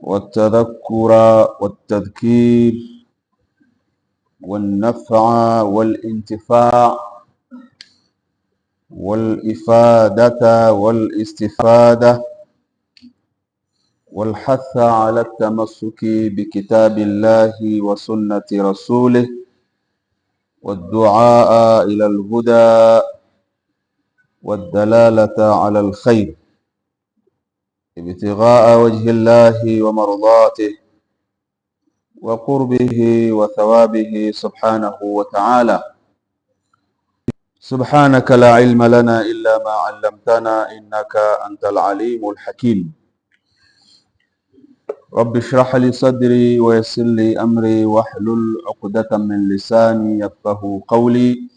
والتذكر والتذكير والنفع والانتفاع والإفادة والاستفادة والحث على التمسك بكتاب الله وسنة رسوله والدعاء إلى الهدى والدلالة على الخير ابتغاء وجه الله ومرضاته وقربه وثوابه سبحانه وتعالى سبحانك لا علم لنا إلا ما علمتنا إنك أنت العليم الحكيم رب اشرح لي صدري ويسر لي أمري واحلل عقدة من لساني يفقه قولي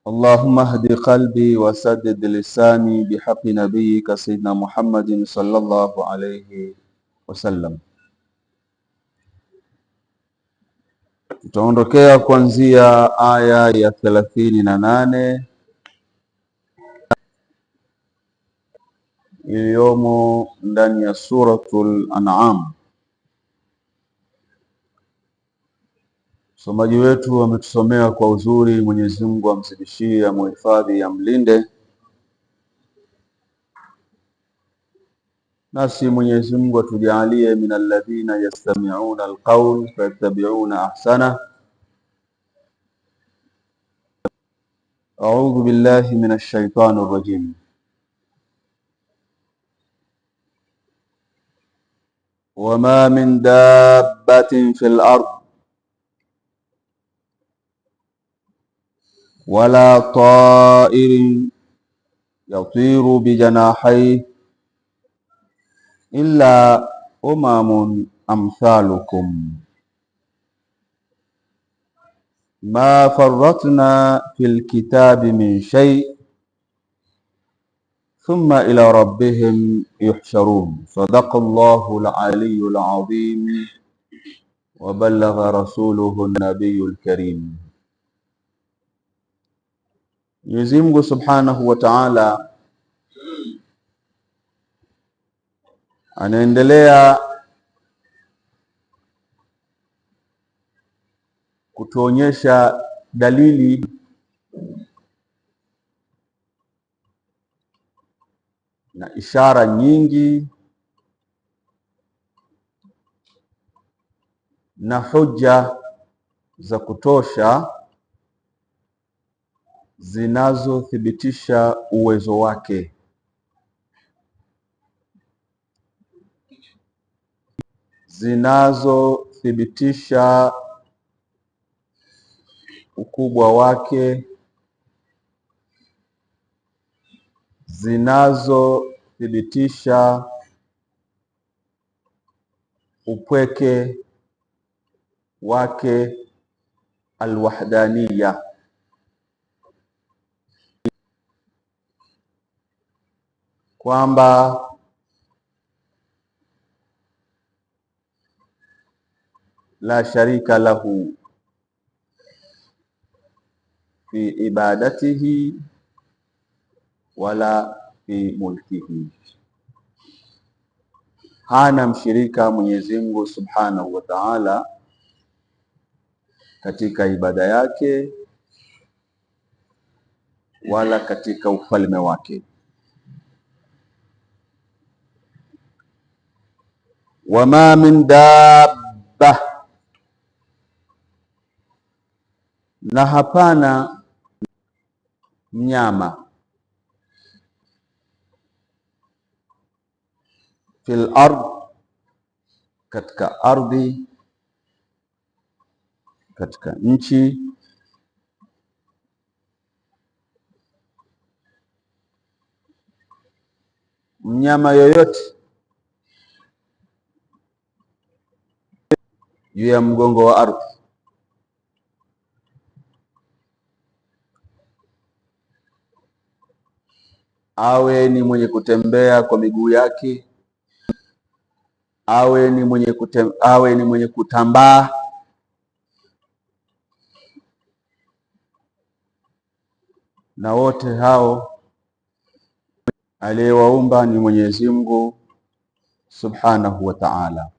Allahumma hdi qalbi wa saddid lisani bihaqi nabiyika sayyidina Muhammadin sallallahu alayhi wasallam. Tutaondokea kuanzia aya ya thelathini na nane iliyomo ndani ya Suratul An'am. Msomaji wetu ametusomea kwa uzuri, Mwenyezi Mungu amzidishie, amuhifadhi, amlinde. Nasi Mwenyezi Mungu atujalie min alladhina yastami'una alqawl fayattabi'una ahsana. A'udhu billahi minash shaitani rrajim. Wama min dabbatin fil ardh ولا طائر يطير بجناحيه إلا أمم أمثالكم ما فرطنا في الكتاب من شيء ثم إلى ربهم يحشرون صدق الله العلي العظيم وبلغ رسوله النبي الكريم Mwenyezi Mungu Subhanahu wa Ta'ala anaendelea kutuonyesha dalili na ishara nyingi na hoja za kutosha zinazothibitisha uwezo wake zinazothibitisha ukubwa wake zinazothibitisha upweke wake alwahdaniya kwamba la sharika lahu fi ibadatihi wala fi mulkihi, hana mshirika Mwenyezi Mungu Subhanahu wa Ta'ala katika ibada yake wala katika ufalme wake. wama min dabba, na hapana mnyama fil ard, katika ardhi, katika nchi mnyama yoyote juu ya mgongo wa ardhi. Awe ni mwenye kutembea kwa miguu yake, awe ni mwenye kutem, awe ni mwenye kutambaa na wote hao aliyewaumba ni Mwenyezi Mungu Subhanahu wa Ta'ala.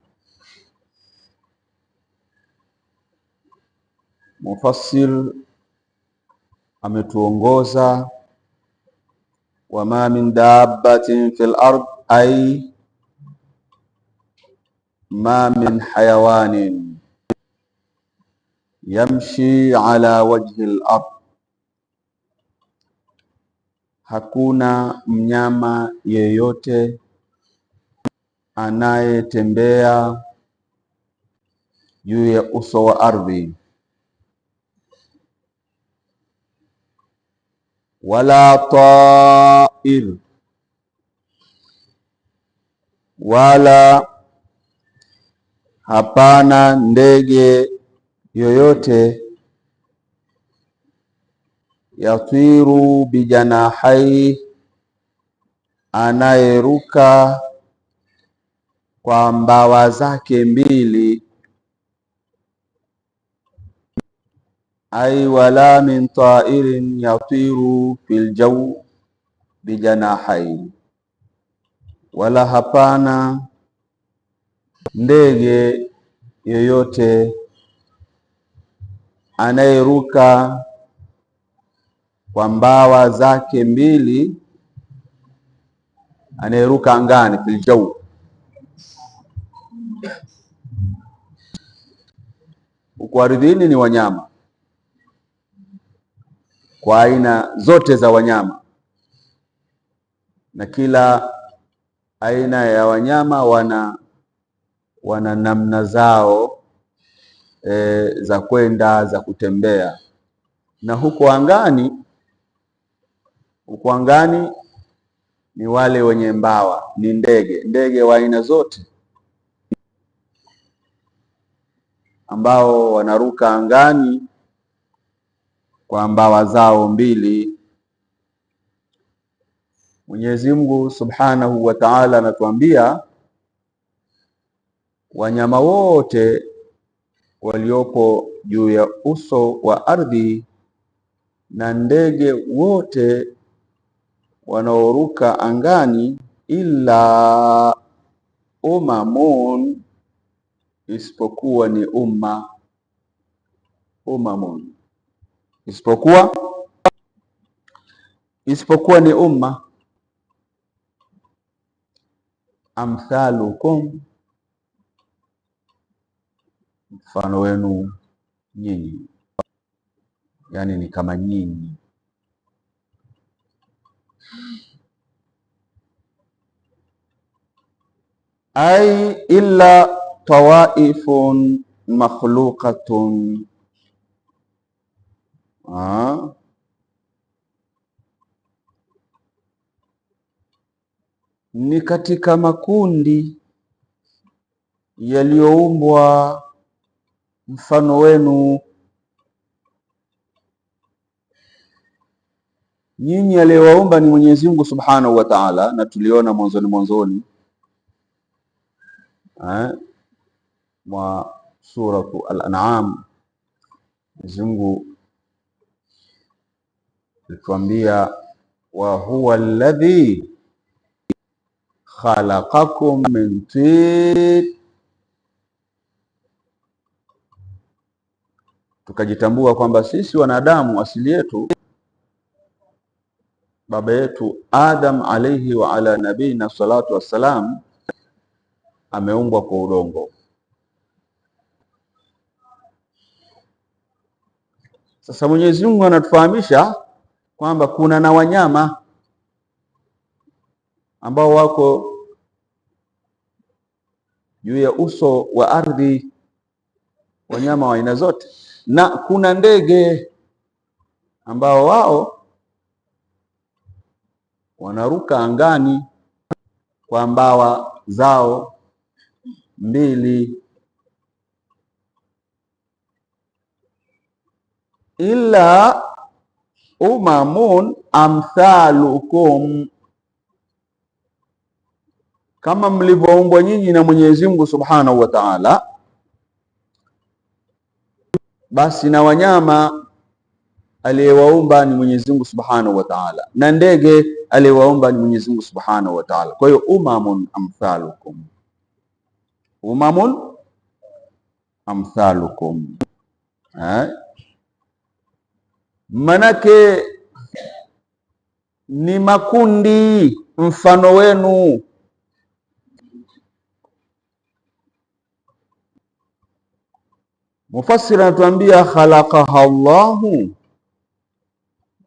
Mufassil ametuongoza wama min dabbatin fil ard ay ma min hayawanin yamshi ala wajhi al-ard, hakuna mnyama yeyote anayetembea juu ya uso wa ardhi wala ta'ir wala hapana ndege yoyote yatwiru bijanahai anayeruka kwa mbawa zake mbili ay wala min tairin yatiru fil jaw bijanahaini, wala hapana ndege yoyote anayeruka kwa mbawa zake mbili, anayeruka angani fil jaw huko ardhini ni wanyama kwa aina zote za wanyama, na kila aina ya wanyama wana wana namna zao e, za kwenda za kutembea, na huko angani huko angani ni wale wenye mbawa, ni ndege, ndege wa aina zote ambao wanaruka angani kwa mbawa zao mbili. Mwenyezi Mungu Subhanahu wa Ta'ala anatuambia wanyama wote waliopo juu ya uso wa ardhi na ndege wote wanaoruka angani, ila umamun, isipokuwa ni umma umamun isipokuwa isipokuwa ni umma amthalukum, mfano wenu nyinyi, yani ni kama nyinyi. Ai illa tawaifun makhluqatun Ha. Ni katika makundi yaliyoumbwa mfano wenu. Nyinyi aliyewaumba ni Mwenyezi Mungu Subhanahu wa Ta'ala, na tuliona mwanzoni mwanzoni eh, mwa suratu Al-An'am, Mwenyezi Mungu tuambia wa huwa alladhi khalaqakum min tin, tukajitambua kwamba sisi wanadamu asili yetu baba yetu Adam alaihi wa ala nabiina salatu wassalam ameumbwa kwa udongo. Sasa Mwenyezi Mungu anatufahamisha kwamba kuna na wanyama ambao wako juu ya uso wa ardhi, wanyama wa aina zote, na kuna ndege ambao wao wanaruka angani kwa mbawa zao mbili, ila umamun amthalukum, kama mlivyoumbwa nyinyi na Mwenyezi Mungu Subhanahu wa Ta'ala, basi na wanyama aliyewaumba ni Mwenyezi Mungu Subhanahu wa Ta'ala, na ndege aliyewaumba ni Mwenyezi Mungu Subhanahu wa Ta'ala. Kwa hiyo umamun amthalukum, umamun amthalukum eh manake ni makundi mfano wenu. mufasiri anatuambia khalaqaha Allahu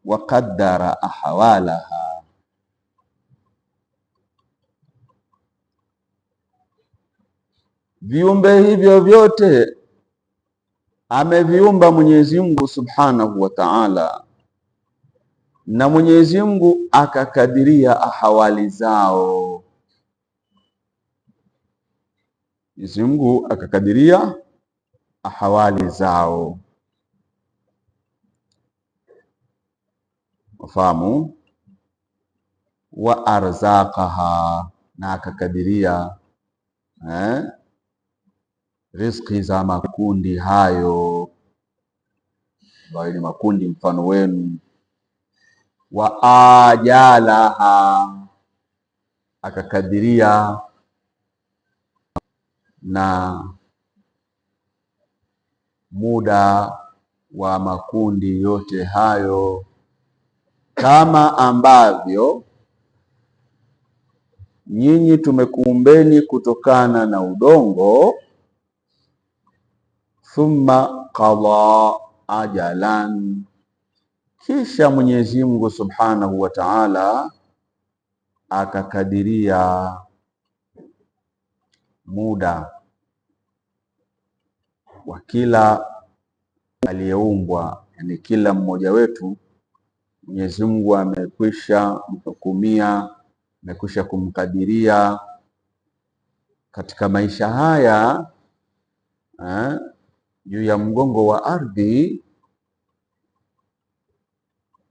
wa qaddara ahwalaha, viumbe hivyo vyote ameviumba Mwenyezi Mungu Subhanahu wa Ta'ala, na Mwenyezi Mungu akakadiria ahawali zao. Mwenyezi Mungu akakadiria ahawali zao, wafahamu wa arzaqaha, na akakadiria eh? riski za makundi hayo, ambayo ni makundi mfano wenu. Wa ajalaha, akakadiria na muda wa makundi yote hayo kama ambavyo nyinyi tumekuumbeni kutokana na udongo thumma qada ajalan, kisha Mwenyezi Mungu Subhanahu wa Ta'ala akakadiria muda wa kila aliyeumbwa, yani kila mmoja wetu Mwenyezi Mungu amekwisha mhukumia, amekwisha kumkadiria katika maisha haya eh, juu ya mgongo wa ardhi,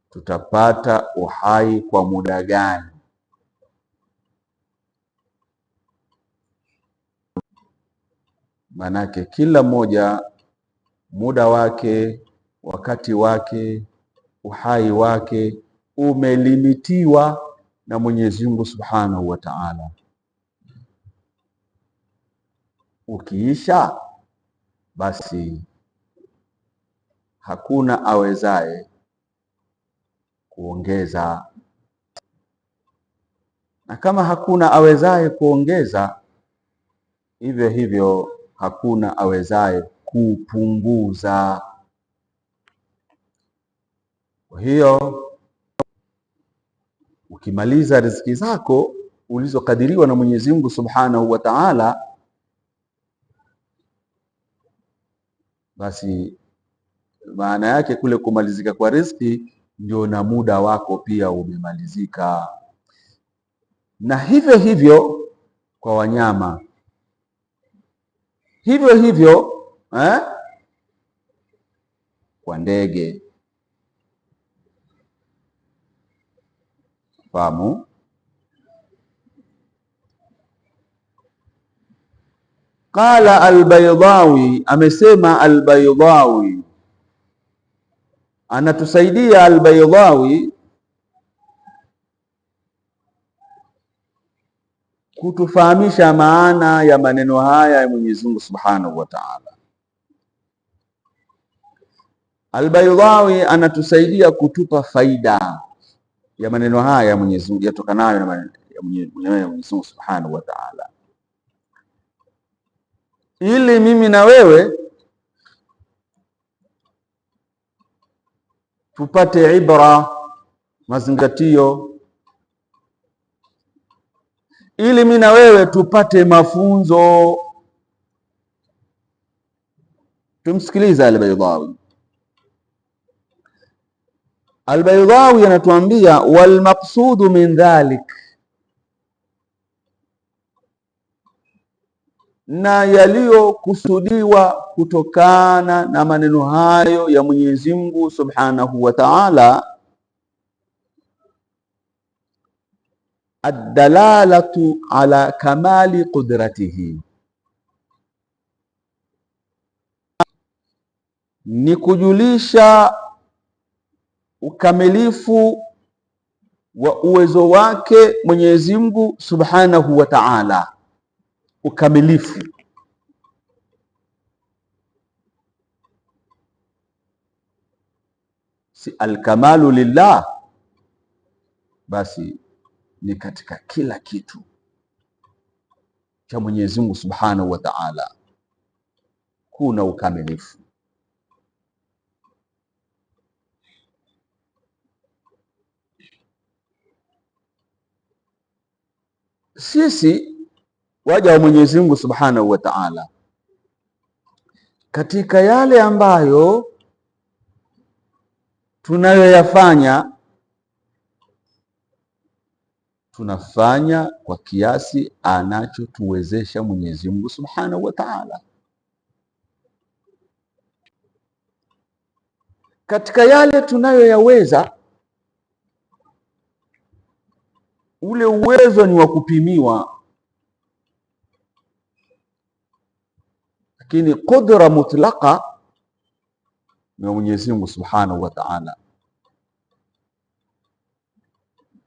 tutapata uhai kwa muda gani? manake kila mmoja muda wake, wakati wake, uhai wake umelimitiwa na Mwenyezi Mungu Subhanahu wa Ta'ala. Ukiisha basi hakuna awezaye kuongeza. Na kama hakuna awezaye kuongeza, hivyo hivyo hakuna awezaye kupunguza. Kwa hiyo ukimaliza riziki zako ulizokadiriwa na Mwenyezi Mungu Subhanahu wa Ta'ala basi maana yake kule kumalizika kwa riziki ndio na muda wako pia umemalizika. Na hivyo hivyo kwa wanyama, hivyo hivyo eh, kwa ndege fahamu Qala Albaydhawi, amesema Albaydhawi, anatusaidia Albaydhawi kutufahamisha maana ya maneno haya ya Mwenyezi Mungu Subhanahu wa Ta'ala. Albaydhawi anatusaidia kutupa faida ya maneno haya ya Mwenyezi Mungu yatokanayo na maneno ya Mwenyezi Mungu Subhanahu wa Ta'ala ili mimi na wewe tupate ibra, mazingatio, ili mimi na wewe tupate mafunzo. Tumsikiliza Albaidhawi. Albaidhawi anatuambia walmaqsudu min dhalik na yaliyokusudiwa kutokana na maneno hayo ya Mwenyezi Mungu Subhanahu wa Ta'ala. Ad-dalalatu ala kamali qudratihi, ni kujulisha ukamilifu wa uwezo wake Mwenyezi Mungu Subhanahu wa Ta'ala ukamilifu. Si alkamalu lillah, basi ni katika kila kitu cha Mwenyezi Mungu Subhanahu wa Ta'ala kuna ukamilifu. Sisi waja wa Mwenyezi Mungu Subhanahu wa Ta'ala katika yale ambayo tunayoyafanya tunafanya kwa kiasi anachotuwezesha Mwenyezi Mungu Subhanahu wa Ta'ala. Katika yale tunayoyaweza, ule uwezo ni wa kupimiwa Lakini qudra mutlaka ni wa Mwenyezi Mungu Subhanahu wa Ta'ala.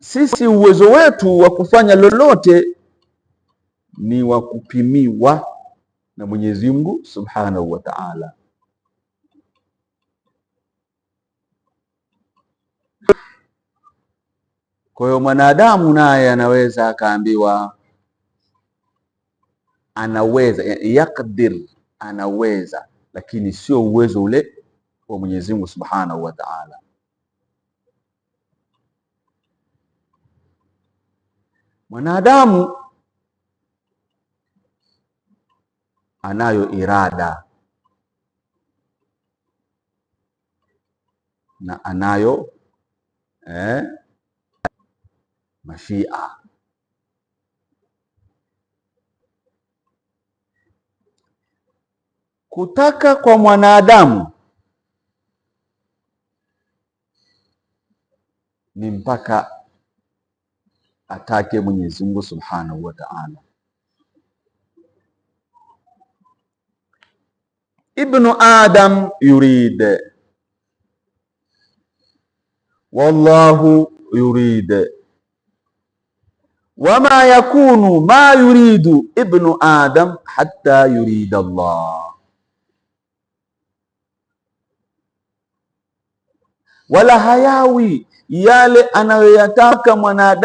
Sisi uwezo wetu wa kufanya lolote ni wa kupimiwa na Mwenyezi Mungu Subhanahu wa Ta'ala. Kwa hiyo mwanadamu naye anaweza akaambiwa, anaweza yakdir anaweza, lakini sio uwezo ule wa Mwenyezi Mungu Subhanahu wa Ta'ala. Mwanadamu anayo irada na anayo eh, mashia kutaka kwa mwanadamu ni mpaka atake Mwenyezi Mungu Subhanahu wa Ta'ala. Ibnu Adam yurid, wallahu yurid, wama yakunu ma yuridu ibnu Adam hatta yurid Allah wala hayawi yale anayoyataka mwanadamu